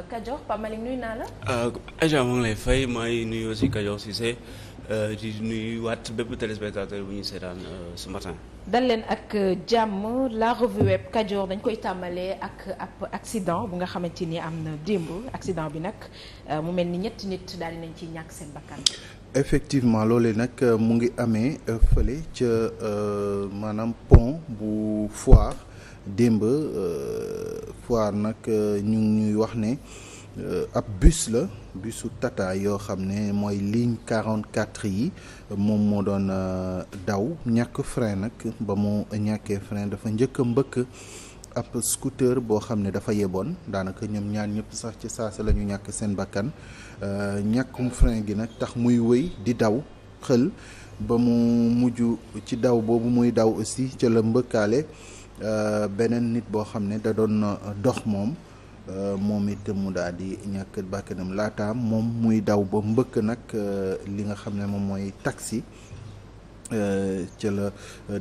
Kajoor Pape Malick nuyu naa la. Euh, agent maa ngi lay fay maa ngi nuyu aussi Kajoor Cissé euh, di nuyu waat bépp téléspectateur bu ñu seetaan euh, ce matin. dal leen ak jàmm la revue web Kajoor dañ koy tàmbalee ak ab accident bu nga xamante ni am na démb accident bi nag mu mel ni ñetti nit daal di nañ ci ñàkk seen bakkan. effectivement loole nag mu ngi amee fële ca maanaam pont bu Foire. démb euh, foire nag euh, ñu ñuy wax ne euh, ab bus la busu Tata yoo xam ne mooy ligne 44 yi moom moo doon daw ñàkk frein nag ba mu ñàkkee frein dafa njëkk a mbëkk ab scooter boo xam ne dafa yeboon daanaka ñoom ñaar ñëpp sax ci saasa lañu ñu ñàkk seen bakkan ñàkkum frein gi nag tax muy wëy di daw xël ba mu mujj ci daw boobu muy daw aussi ca la mbëkkaale Euh, beneen nit boo xam ne da doon euh, dox moom euh, moom it mu daal di ñàkk bàkkanam laataam moom muy daw ba mbëkk nag li nga xam ne moom mooy taxi ci la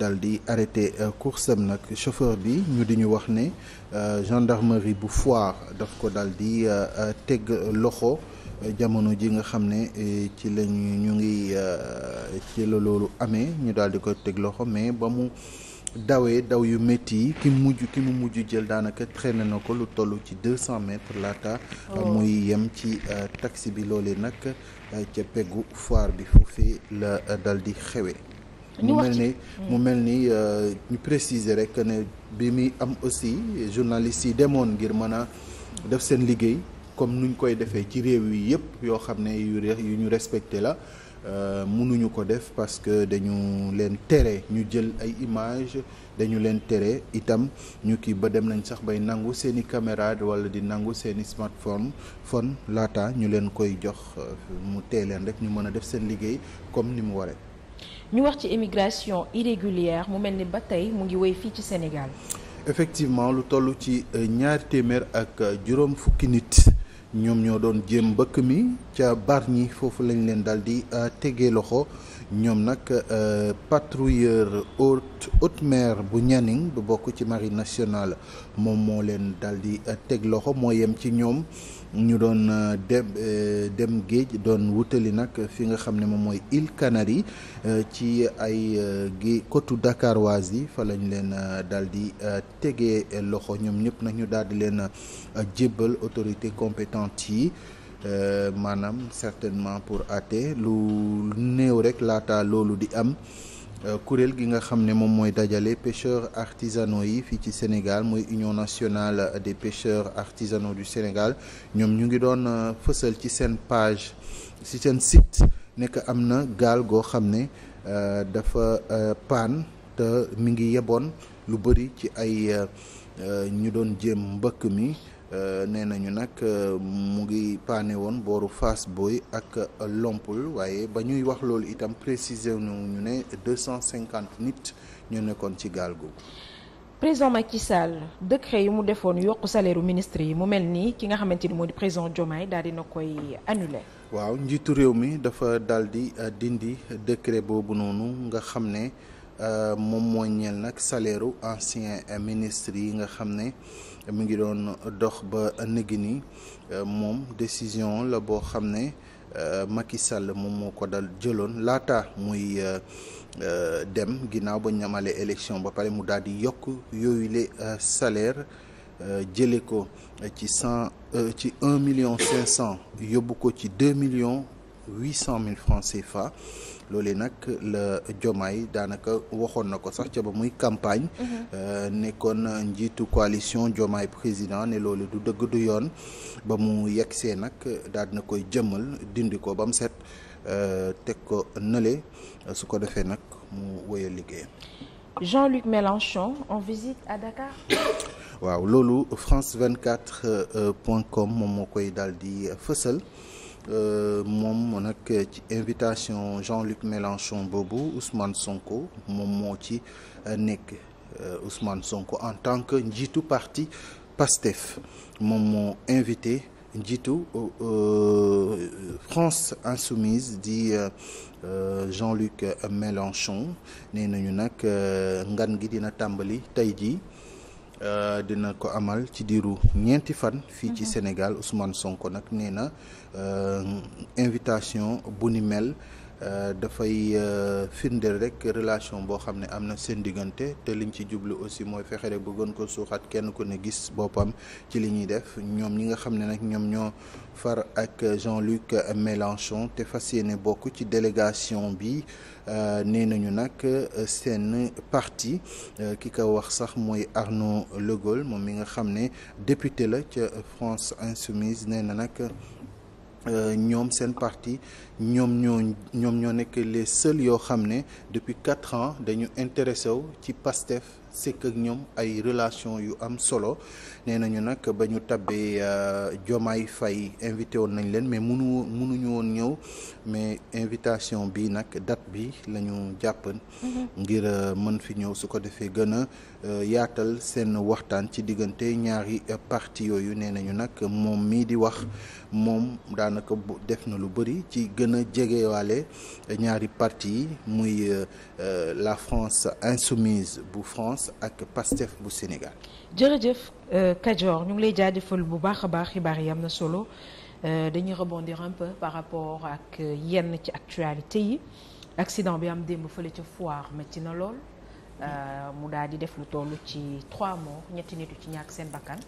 dal di arrêté course am nag chauffeur bi ñu di ñu wax ne gendarmerie bu Foire daf ko dal di teg loxo jamono ji nga xam ne ci la ñu ngi ci la loolu amee ñu daal di ko teg loxo mais ba mu. dawee daw yu métti yi ki mujj ki mu mujj jël daanaka traîné na ko lu toll ci deux cent mètres laata oh. muy yem ci euh, taxi bi loole nag euh, ca peggu foire bi foofee la euh, dal di xewe hmm. mu mel ni mu mel ni ñu préciser rek ne bi muy am aussi journalistes yi demoon ngir mën a def seen liggéey comme nuñ koy defee ci réew yi yëpp yoo xam ne yu yu ñu respecté la Euh, mënuñu ko def parce que dañu leen tere ñu jël ay images dañu leen tere itam ñu kii ba dem nañ sax bay nangu seeni caméra wala di nangu seeni smartphone phone laata ñu leen koy jox euh, mu tee leen rek ñu mën a def seen liggéey comme ni mu waree. ñu wax ci immigration irrégulière mu mel ni ba tey mu ngi woy fii ci Sénégal. effectivement lu toll ci euh, ñaar téeméer ak juróom fukki nit. ñoom ñoo doon jéem mbëkk mi ca Bargny foofu lañ leen daal di euh, tegee loxo ñoom nag euh, patrouilleur haute haute mer bu Nianing bu bokk ci marie nationale moom moo leen daal euh, teg loxo moo yem ci ñoom. ñu doon euh, dem euh, dem géej doon wutali nag fi nga xam ne moom mooy île Canaries euh, ci ay géej côtu dakaroise yi fa lañ leen daal di tegee loxo ñoom ñëpp nag ñu daal di leen jébbal autorité compétente yi maanaam certainement pour àtte lu néew rek laata loolu di am Euh, kuréel gi nga xam ne moom mooy dajale pêcheurs artisanaux yi fii ci Sénégal mooy union nationale des pécheurs artisanaux du Sénégal ñoom ñu ngi doon euh, fësal ci seen page ci seen sit nekk am na gaal goo xam ne euh, dafa paan te mi ngi yeboon lu bëri ci ay ñu doon jéem mbëkk mi. Euh, nee nañu nag euh, mu ngi paane woon booru Fass Boy ak Lompul waaye ba ñuy wax loolu itam préciser ñu ne deux cent cinquante nit ñu nekkoon ci gaal googu. président ki Sall décret yi mu defoon yokk salaire ministre yi mu mel nii ki nga xamante ni moo di président Diomaye daal dina koy annuler. waaw njiitu réew mi dafa daal di euh, dindi décret boobu noonu nga xam ne. Euh, moom moo ñeel nag salaire u ancien ministre yi nga xam ne mi ngi doon dox ba nëggi ni euh, moom décision la boo xam ne euh, Macky Sall moom moo ko dal jëloon laata muy dem ginnaaw ba ñamale élection ba pare mu daal di yokk yooyule le salaire jële ko ci cent ci un million cinq cent yóbbu ko ci deux millions huit cent mille francs CFA loolee nag la jommaay daanaka waxoon na ko sax ca ba muy campagne. Mhm. Euh, nekkoon njiitu coalition Diomaye président ne loolu du dëgg du yoon ba mu see nag daal koy jëmmal dindi ko ba mu set euh, teg ko nële su ko defee nag mu wéyal liggéeyam. Jean-Luc Mélenchon en visite à Dakar. waaw loolu France 24 euh, point com moom moo koy daal di fësal. Euh, moom nag ci invitation Jean-Luc Mélenchon boobu Ousmane Sonko moom moo ci euh, nekk euh, Ousmane Sonko en tant que njiitu parti PASTEF moom moo invité njiitu France Insoumise di Jean-Luc Mélenchon nee nañu nag ngan gi dina tàmbali tey jii. dina ko amal ci diiru ñeenti fan. fii ci mhm. Sénégal usman Sonko nag nee na Euh, invitation bu ni mel euh, dafay euh, firndeel rek relation boo xam ne am na seen diggante te liñ ci jublu aussi mooy fexe bëggoon ko suuxat kenn ku ne gis boppam ci li ñuy def ñoom ñi nga xam ne nag ñoom ñoo far ak Jean-Luc Mélenchon te fas ne bokk ci délégation bi nee nañu nag seen parti ki ko wax sax mooy Arnaud Le Gall moom mi nga xam ne député la ca France Insoumise nee na nag. Euh, ñoom seen partie ñoom ñoo ñoom ñoo nekk les seuls yoo xam ne depuis quatre ans dañu intéressé wu ci Pastef sekk ak ñoom ay relation yu am solo nee nañu nag ba ñu tabbee jomaay euh, fay invité woon nañ leen mais munu munuñu woon ñëw mais invitation bi nag date bi lañu ñu jàpp mm-hmm. ngir euh, mën fi ñëw su ko defee gën a euh, yaatal seen waxtaan ci diggante ñaari partie yooyu nee nañu nag moom mii di wax moom daanaka def na lu bëri ci gën a jegewaale ñaari parti yi muy euh, la France insoumise bu France ak PASTEF bu Sénégal. jërëjëf euh, Kajoor ñu ngi lay jaajëfal bu baax a baax xibaar yi am na solo euh, dañuy rebondir un peu par rapport ak yenn ci actualité yi accident bi am démb fële ca foire métti na lool. mu daal di def lu toll ci trois morts ñetti nitu ci ñàkk seen bakkan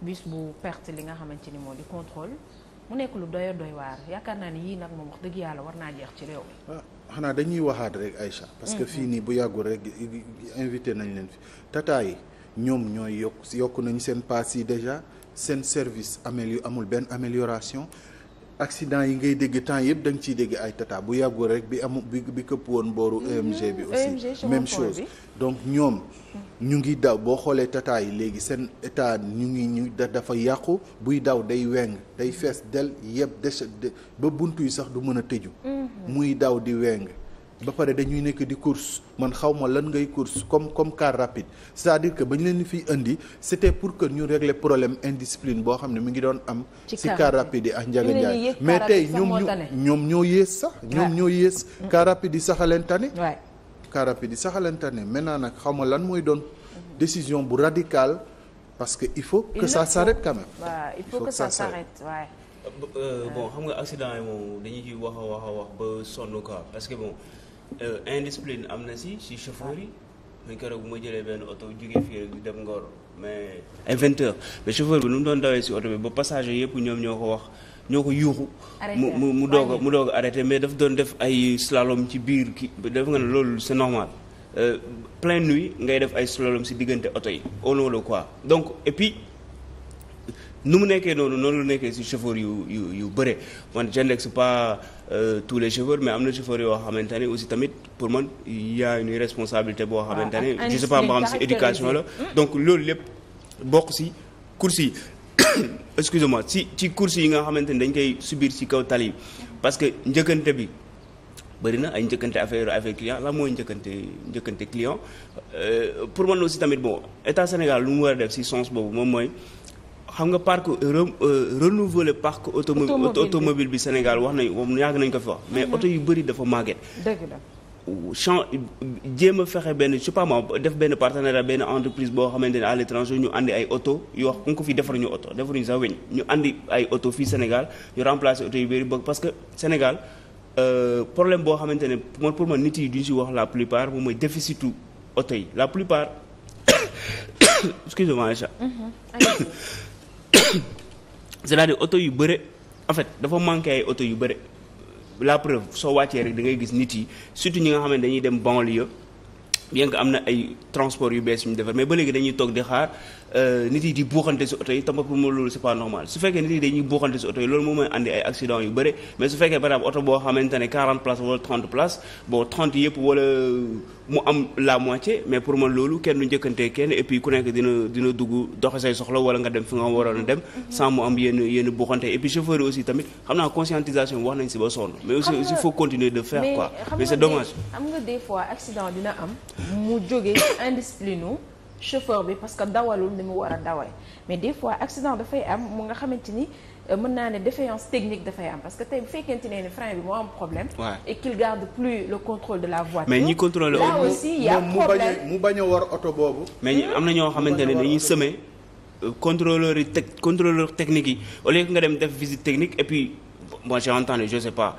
bus bu perte li nga xamante ni moo di contrôle. mu nekk lu doy doy waar yaakaar naa ni yii nag moom wax dëgg yàlla war naa jeex ci réew mi. Ah, xanaa dañuy waxaat rek Aïcha. parce que mm-hmm. fii nii bu yàggul rek invité nañ leen fi tata yi ñoom ñooy yokk yokk nañ seen paas yi déjà seen service amélio amul benn amélioration. accident yi ngay dégg temps yëpp da nga dégg ay tata bu yàggul rek bi amu bi bi këpp woon booru mm-hmm. EMG bi e aussi même chose donc ñoom mm-hmm. ñu ngi daw boo xoolee tata yi léegi seen état ñu ngi ñu dafa yàqu buy daw day weng day fees del yëpp déchet ba bunt yi sax du mën a tëju mm-hmm. muy daw di weng ba pare dañuy nekk di course man xaw ma lan ngay course comme comme car rapide c'est-à-dire que ba ñu leen fi indi c'était pour que ñu régler problème indiscipline boo xam ne mi ngi doon am. ci car rapide yi ak Ndiaga Ndiaye mais tey ñoom ñoom ñoo yées sax. ñoom ñoo yées. Mm. car rapide yi sax a leen tane. car rapide yi sax a leen tane maintenant nag xaw ma lan mooy doon décision bu radicale parce que il faut que ça s'arrête quand même. il faut que ça s'arrête waaw. Euh, xam nga accident yi moom dañuy wax wax a wax ba quoi parce que bon. Euh, indiscipline am na si si chauffeur yi man keroog bu ma jëlee benn oto jógee fii rek dem Ngor mais ay vingt heures mais chauffeur bi nu mu doon dawee si oto bi ba passager yëpp ñoom ñoo ko wax ñoo ko yuuxu mu mu doog mu doog a arrêté mais daf doon def ay slalom ci biir ki def nga ne loolu c'est normal euh, pleine nuit ngay def ay slalom si diggante oto yi au donc et puis ni mu nekkee noonu noonu la nekkee si chauffeur yu yu yu bëre man je ne suis pas euh, tous les chauffeurs mais am na chauffeur yoo xamante ne aussi tamit pour man y a responsabilité boo ah, xamante ne je sais pas ma xam la hmm. donc loolu lépp bokk si course yi excusez-moi si ci course yi nga xamante ne dañ koy subir ci kaw tali parce que njëkkante bi bëri na ay njëkkante affaire affaire client la mooy njëkkante njëkkante client euh, pour man aussi tamit bon état Sénégal lu mu war a def si sens boobu moom mooy xam nga parc euh, euh, renouveler parc automobile automobile bi Sénégal wax nañu moom yàgg nañ ko fi wax mais mhm. oto yu bëri dafa màgget dëgg jéem a fexe benn je sais def benn partenariat benn entreprise boo xamante ne à l'étranger ñu andi ay oto yoo wax nga ko fi defaruñu oto defaruñu sax weñ ñu indi ay oto fii Sénégal ñu remplacer oto yu bëri bëgg parce que Sénégal euh, problème boo xamante ne man pour man nit yi duñ si wax la plupart moom mooy déficitu oto yi la plupart excusez-moi c'est-à-dire oto yu bëre en fait dafa manqué ay oto yu bëre la preuve soo wàccee rek da gis nit yi surtout ñi nga xam ne dañuy dem banlieue bien que am na ay transport yu bees yu ñu defar mais ba léegi dañuy toog di xaar euh, nit yi di buuxante si oto yi tamit pour mu loolu c'est pas normal su fekkee nit yi dañuy buuxante si oto yi loolu moo mooy andi ay accident yu bëre mais su fekkee par oto boo xamante ne 40 places wala 30 places bon 30 yëpp wala. mu am la moitié mais pour man loolu kenn du njëkkante kenn et puis ku nekk dina dina doxe say soxla wala nga dem fi nga waroon a dem mhm. sans mu am yenn yenn buxante et puis chauffeur yi aussi tamit xam naa conscientisation wax nañ si ba sonn mais aussi il faut continuer de faire quoi mais c'est dommage xam nga des fois accident dina am mu jógee indiscipliné chauffeur bi parce que dawalul ni mu war a dawal mais des fois accident dafay am mu nga xamante ni Euh, mën naa ne défaillance technique dafay am parce que tey bu fekkente ne ni frein bi moo am problème. et qu'il garde plus le contrôle de la voiture. mais ñi contrôlé là aussi mu bañ a war oto boobu. mais ñi am na ñoo xamante ne dañuy semé euh, contrôleur yi teg contrôleur technique yi au lieu que nga dem def visite technique et bon j'ai entendu je sais pas.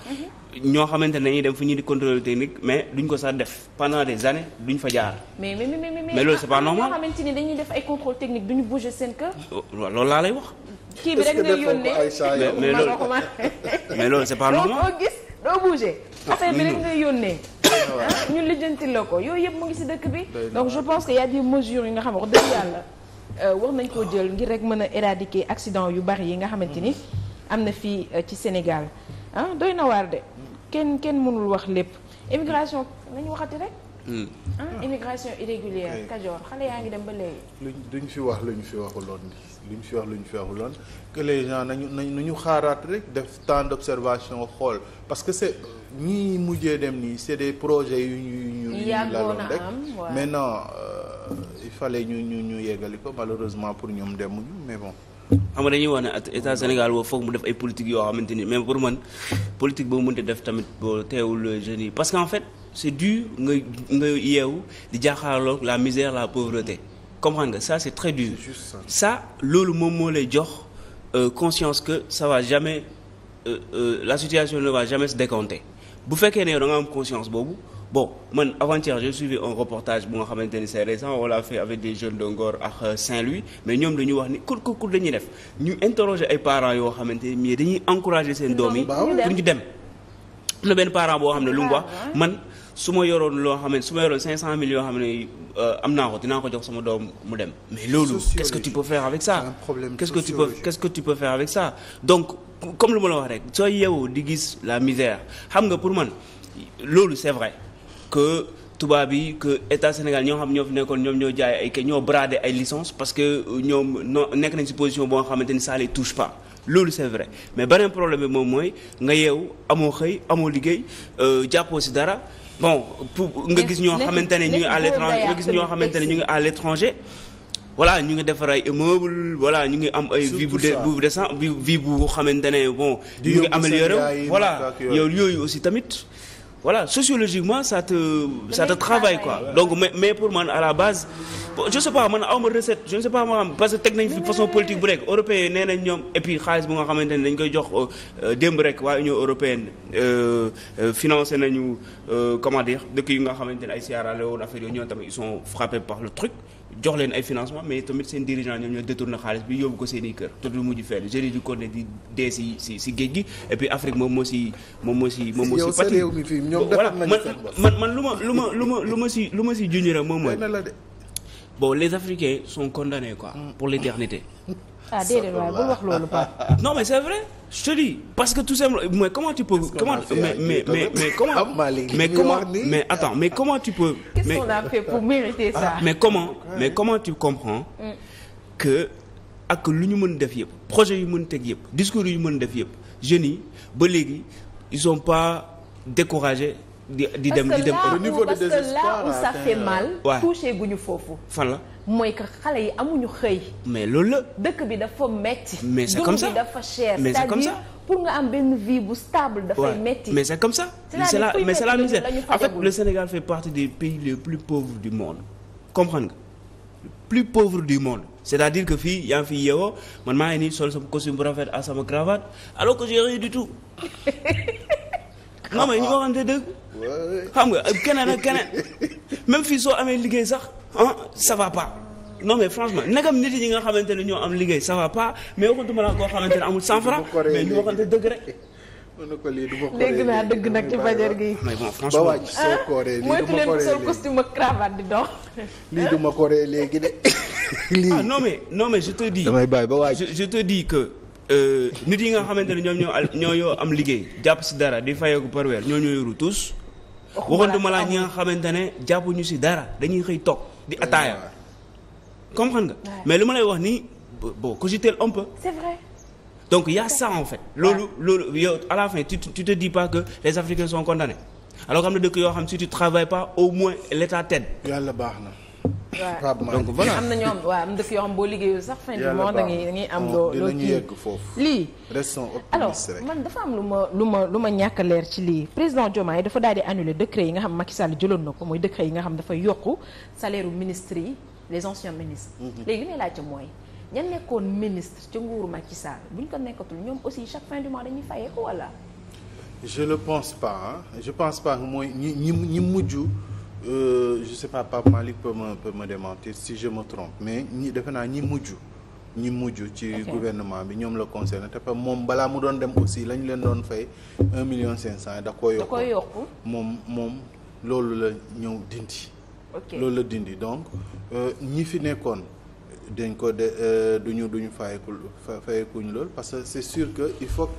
ñoo xamante ne dañuy dem fu ñuy di contrôle technique mais duñ ko sax def pendant des années duñ fa jaar. mais mais mais mais loolu c'est pas normal. ñoo xamante ni dañuy def ay contrôle technique duñu bouger seen kër. waaw oh, loolu laa lay wax. kii bi rek nga yónnee mais loolu mais loolu c'est pas normal. doo gis doo bouger. Ah, affaire bi rek nga yónnee. Ah, ñu lijjanti la ko yooyu yëpp mu ngi ci dëkk bi. donc je pense que y a des mesures yi nga xam wax dëgg yàlla. Euh, war nañ koo jël ngir rek mën a éradiquer accident yu bari yi nga xamante ni. am na fii euh, ci Sénégal ah doy na waar de kenn kenn mënul wax lépp immigration nañu waxati rek. Hmm. ah immigration irrégulière Kajoor xale yaa ngi dem ba léegi. lu duñ fi wax luñ fi waxuloon luñ fi wax luñ fi waxuloon que les gens nañu ñu xaaraat rek def temps d'observation xool parce que c'est ñi mujjee dem nii c'est des projets yu ñu ñu laloon mais maintenant euh, il fallait ñu ñu ñu yeggali ko malheureusement pour ñoom demuñu mais bon. xam nga dañuy wax ne état Sénégal boo foog mu def ay politique yoo xamante ni mais pour man politique boo mënta def tamit boo teewul jeunes yi parce que en fait c'est dur nga nga yeewu di jaaxaarloog la misère la pauvreté comprendre nga ça c'est très dur ça loolu moom moo lay jox euh, conscience que ça va jamais euh, euh, la situation ne va jamais décompter bu fekkee ne yow da nga am conscience boobu bon man avant-hier j'ai suivi un reportage bu nga xamante ni c'est récent on l'a fait avec des jeunes de Ngor ak euh, Saint-Louis mais ñoom dañu wax ni kur kur kur dañuy def ñu interroger ay parents yoo xamante ni mais dañuy encourager seen doom yi pour ñu dem am na benn parent boo xam ne lu mu wax ah, man su ma yoroon loo xam ne su ma yoroon 500 000 yoo xam ne euh, am naa ko dinaa ko jox sama doom mu dem mais loolu qu'est-ce que tu peux faire avec ça que tu peux qu'est-ce que avec ça donc comme lu ma la wax rek soo yeewoo di gis la misère xam nga pour man loolu c'est que tubaab yi que état Sénégal ñoo xam ñoo fi nekkoon ñoom ñoo jaay ay kay ñoo bradé ay licence parce que euh, ñoom non nekk nañ si position boo nga xamante ni ça les touche pas loolu c'est vrai mais beneen problème bi moom mooy nga yeewu amoo xëy amoo liggéey euh, jàppoo si dara bon pour nga gis ñoo xamante ne ñu ngi à l'étranger nga gis ñoo xamante ne ñu ngi à l'étranger voilà ñu ngi defar ay immeuble voilà ñu ngi am ay vie bu bu décent vie bu xamante ne bon ñu ngi amélioré voilà yow yooyu aussi tamit voilà sociologiquement ça te ça te quoi donc mais mais pour man à la base je sais pas man awma recette je ne sais pas ma xam parce que teg nañ fi façon politique bu rek européen nee nañ ñoom et puis xaalis bu nga xamante ne dañ koy jox euh, euh, démb rek waa Union européenne euh, financé nañu comment dire dëkk yu nga xamante ne ay Sierra Leone affaire yooyu tamit ils sont frappés par le truc jox leen ay financement mais tamit seen dirigeant ñoom ñoo détourné xaalis bi yóbbu ko seeni i kër te du mujj fenn jeunes yi di continuer di dee si si si géej gi et Afrique moom moo si moom moo si moom moo si pati voilà man man man lu ma lu ma lu ma lu ma si lu ma si junjure moom mooy bon les Africains sont condamnés quoi. Mm. pour l'éternité ah, non mais c'est vrai je te parce que tout simplement mais comment tu peux. comment mais mais mais mais comment. Ah, mais comment attends mais comment tu peux. mériter ça. Ah, mais comment mais comment tu comprends. Mm. que ak lu ñu mën def yëpp projet yu mën teg yëpp discours yu mën def yëpp jeunes yi ba léegi ils sont pas découragés. di di dem di dem au niveau de désespoir parce mal. waaw euh, touché guñu foofu. fan la mooy que xale yi amuñu xëy. mais loolu la. dëkk bi dafa metti mais c'est comme ça dund bi dafa cher. mais c'est comme ça pour nga am benn vie bu stable. dafay metti mais c'est comme ça. la mais c'est Sénégal fait partie des pays les plus pauvres du monde. comprendre nga plus pauvre du monde. c'est-à-dire que fii yaa ngi fi yeewoo man maa ngi nii sol sama costume bu rafet ak sama cravate alors que j'ai rien tout. non mais ñu ko waxante dëgg xam nga keneen ak keneen même fii soo amee liggéey sax ah ça va pas non mais franchement nagam nit ñi nga xamante ne ñoo am liggéey ça va pas mais waxutuma la koo xamante ne amul cent francs mais dëgg rek. mën ko lii ma dégg naa mais bon franchement lii du ma léegi moytu leen sol de. lii ah je te dis. damay bàyyi ba wàcc je te dis que. Euh, nit yi nga xamante ne ñoom ñoo ñoo yoo am liggéey jàpp si dara di fayeeku par weer ñoo ñoo yoru tous waxantuma laa ñi nga xamante ne jàppuñu si dara dañuy xëy toog di ataaya comme xam nga mais li ma lay wax nii bon cogiter un peu c'est vrai donc y a ça en fait loolu loolu yow à tu tu te dis pas que les Africains sont condamnés alors que am dëkk yoo xam si tu travailles pas au moins l'État t'aide baax na donc voilà am na ñoom waaw am dëkk yoo xam boo liggéeyul sax fin du mois da ngay am loo loo man dafa am lu ma lu ma lu ma ñàkk leer ci lii président Diomaye dafa daal di annuler décret yi nga xam Macky Sall jëloon na ko mooy décret yi nga xam dafa yokku salaire u ministres yi les anciens ministres mm-hmm. léegi li may laajte mooy ñan nekkoon ministre ca nguuru Macky Sall bu ñu ko nekkatul ñoom aussi chaque fin du mois dañuy fayee ko wala je le pense pas je pense pas mooy ñi ñi ñi mujj euh, je sais pas Pape Malick peut me peut si je me trompe mais ñi defe naa ñi mujj ñi mujj ci gouvernement bi ñoom la concerné te pa moom balaa mu doon dem aussi la leen doon fay un million cinq cent da koo yokk moom moom loolu la ñëw dindi loolu la dindi donc euh, ñi fi nekkoon dañ ko de euh, duñu duñu fayeku fayekuñ loolu parce que c'est sûr que il faut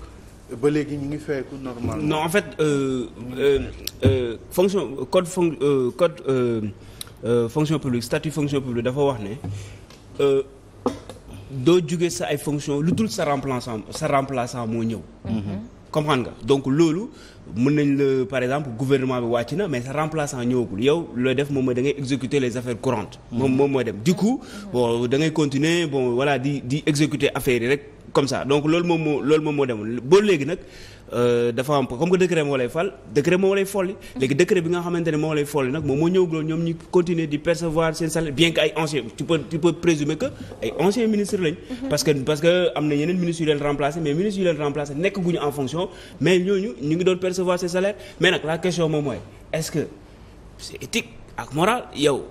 ba léegi ñu ngi fayeku normal non en fait euh, euh, euh fonction code fon euh, code euh, fonction publique statut fonction publique dafa wax ne doo jóge sa ay fonction lu dul sa remplaçant sa remplaçant moo ñëw comme mm-hmm. comprendre nga donc loolu mun nañ la par exemple gouvernement bi wàcc na mais sa remplaçant ñëwagul yow looy def moom mooy dangay ngay exécuter les affaires courantes moom mm-hmm. moom mooy dem du coup bon da ngay continuer bon voilà di di exécuter affaires yi rek comme ça donc loolu moom moo loolu moom moo demoon ba léegi nag euh, dafa am comme que décret moo lay fal décret moo lay folli léegi décret bi nga xamante ne moo lay folli nag moom moo ñëwaguloo ñoom ñu continuer di percevoir seen salaire bien que ay anciens tu peux tu peux présumer que ay anciens ministres lañ. parce que parce que am na ñeneen ministres yu leen remplacé mais ministres yu leen remplacé nekk guñu en fonction mais ñooñu ñu ngi doon percevoir seen salaire mais nag la question moom mooy que c'est ak moral yow.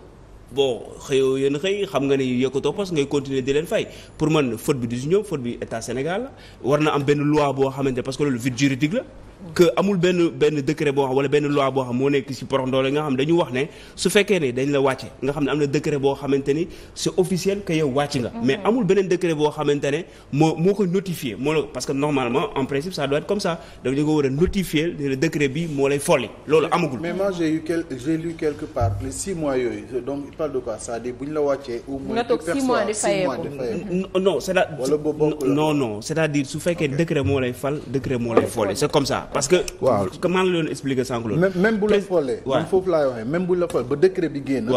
bon xëyoo yéen xëy xam nga ne yëkkatoo parce que ngay continuer di leen fay pour man faute bi du si ñoom faute bi état Sénégal war na am benn loi boo xamante parce que loolu vide juridique la que amul benn benn décret boo xam wala benn loi boo xam moo nekk ci porox ndoole nga xam dañu wax ne su fekkee ne dañ la wàcce nga xam ne am na décret boo xamante ni c'est yow wàcc nga mais amul beneen décret boo xamante ne moo moo ko notifié moo la que normalement en principe comme ça ko war a notifié bi moo lay folli loolu amagul mais moi mois yooyu donc il c'est-à-dire bu ñu la wàccee au moins nga toog six mois di fayee ko non c'est su fekkee décret moo lay fal décret moo lay folli c'est comme ça parce que. waaw que man la doon expliquer sànq loolu. même bu la xoolee. waaw foofu laay waxee même bu la xoolee ba décret bi génn.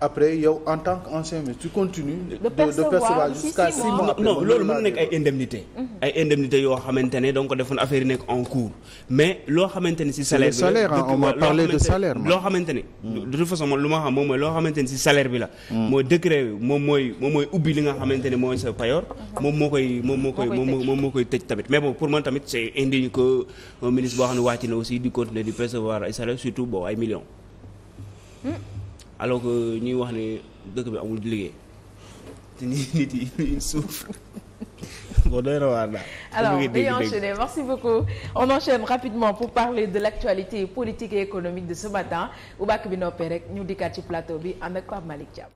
après yow en tant que ancien mais tu continues. de percevoir jusqu'à six ay indemnité mhm. ay indemnité yoo xamante ne donc defoon affaire nekk en cours loo xamante ne si salaire. bi la xamante ne. de mm. toute façon man lu ma xam moom mooy loo xamante ne si salaire bi mm. moom mooy moom mooy li nga xamante ne mooy sa payoor. Mhm. moom moo koy moom moo koy moom moo koy tëj tamit tamit c'est indigne que ministre boo xam ne wàcc na e ay salaire alo que ñuy wax ne dëkk bi amul liggéey te nit yi ñuy souffre bon doy na waar daal. alors dañuy enchaîner merci beaucoup on enchaîne rapidement pour parler de l'actualité politique et économique de ce matin bu bàkk bi noppee rek ñu dikkaat ci plateau bi ànd ak Pape Malick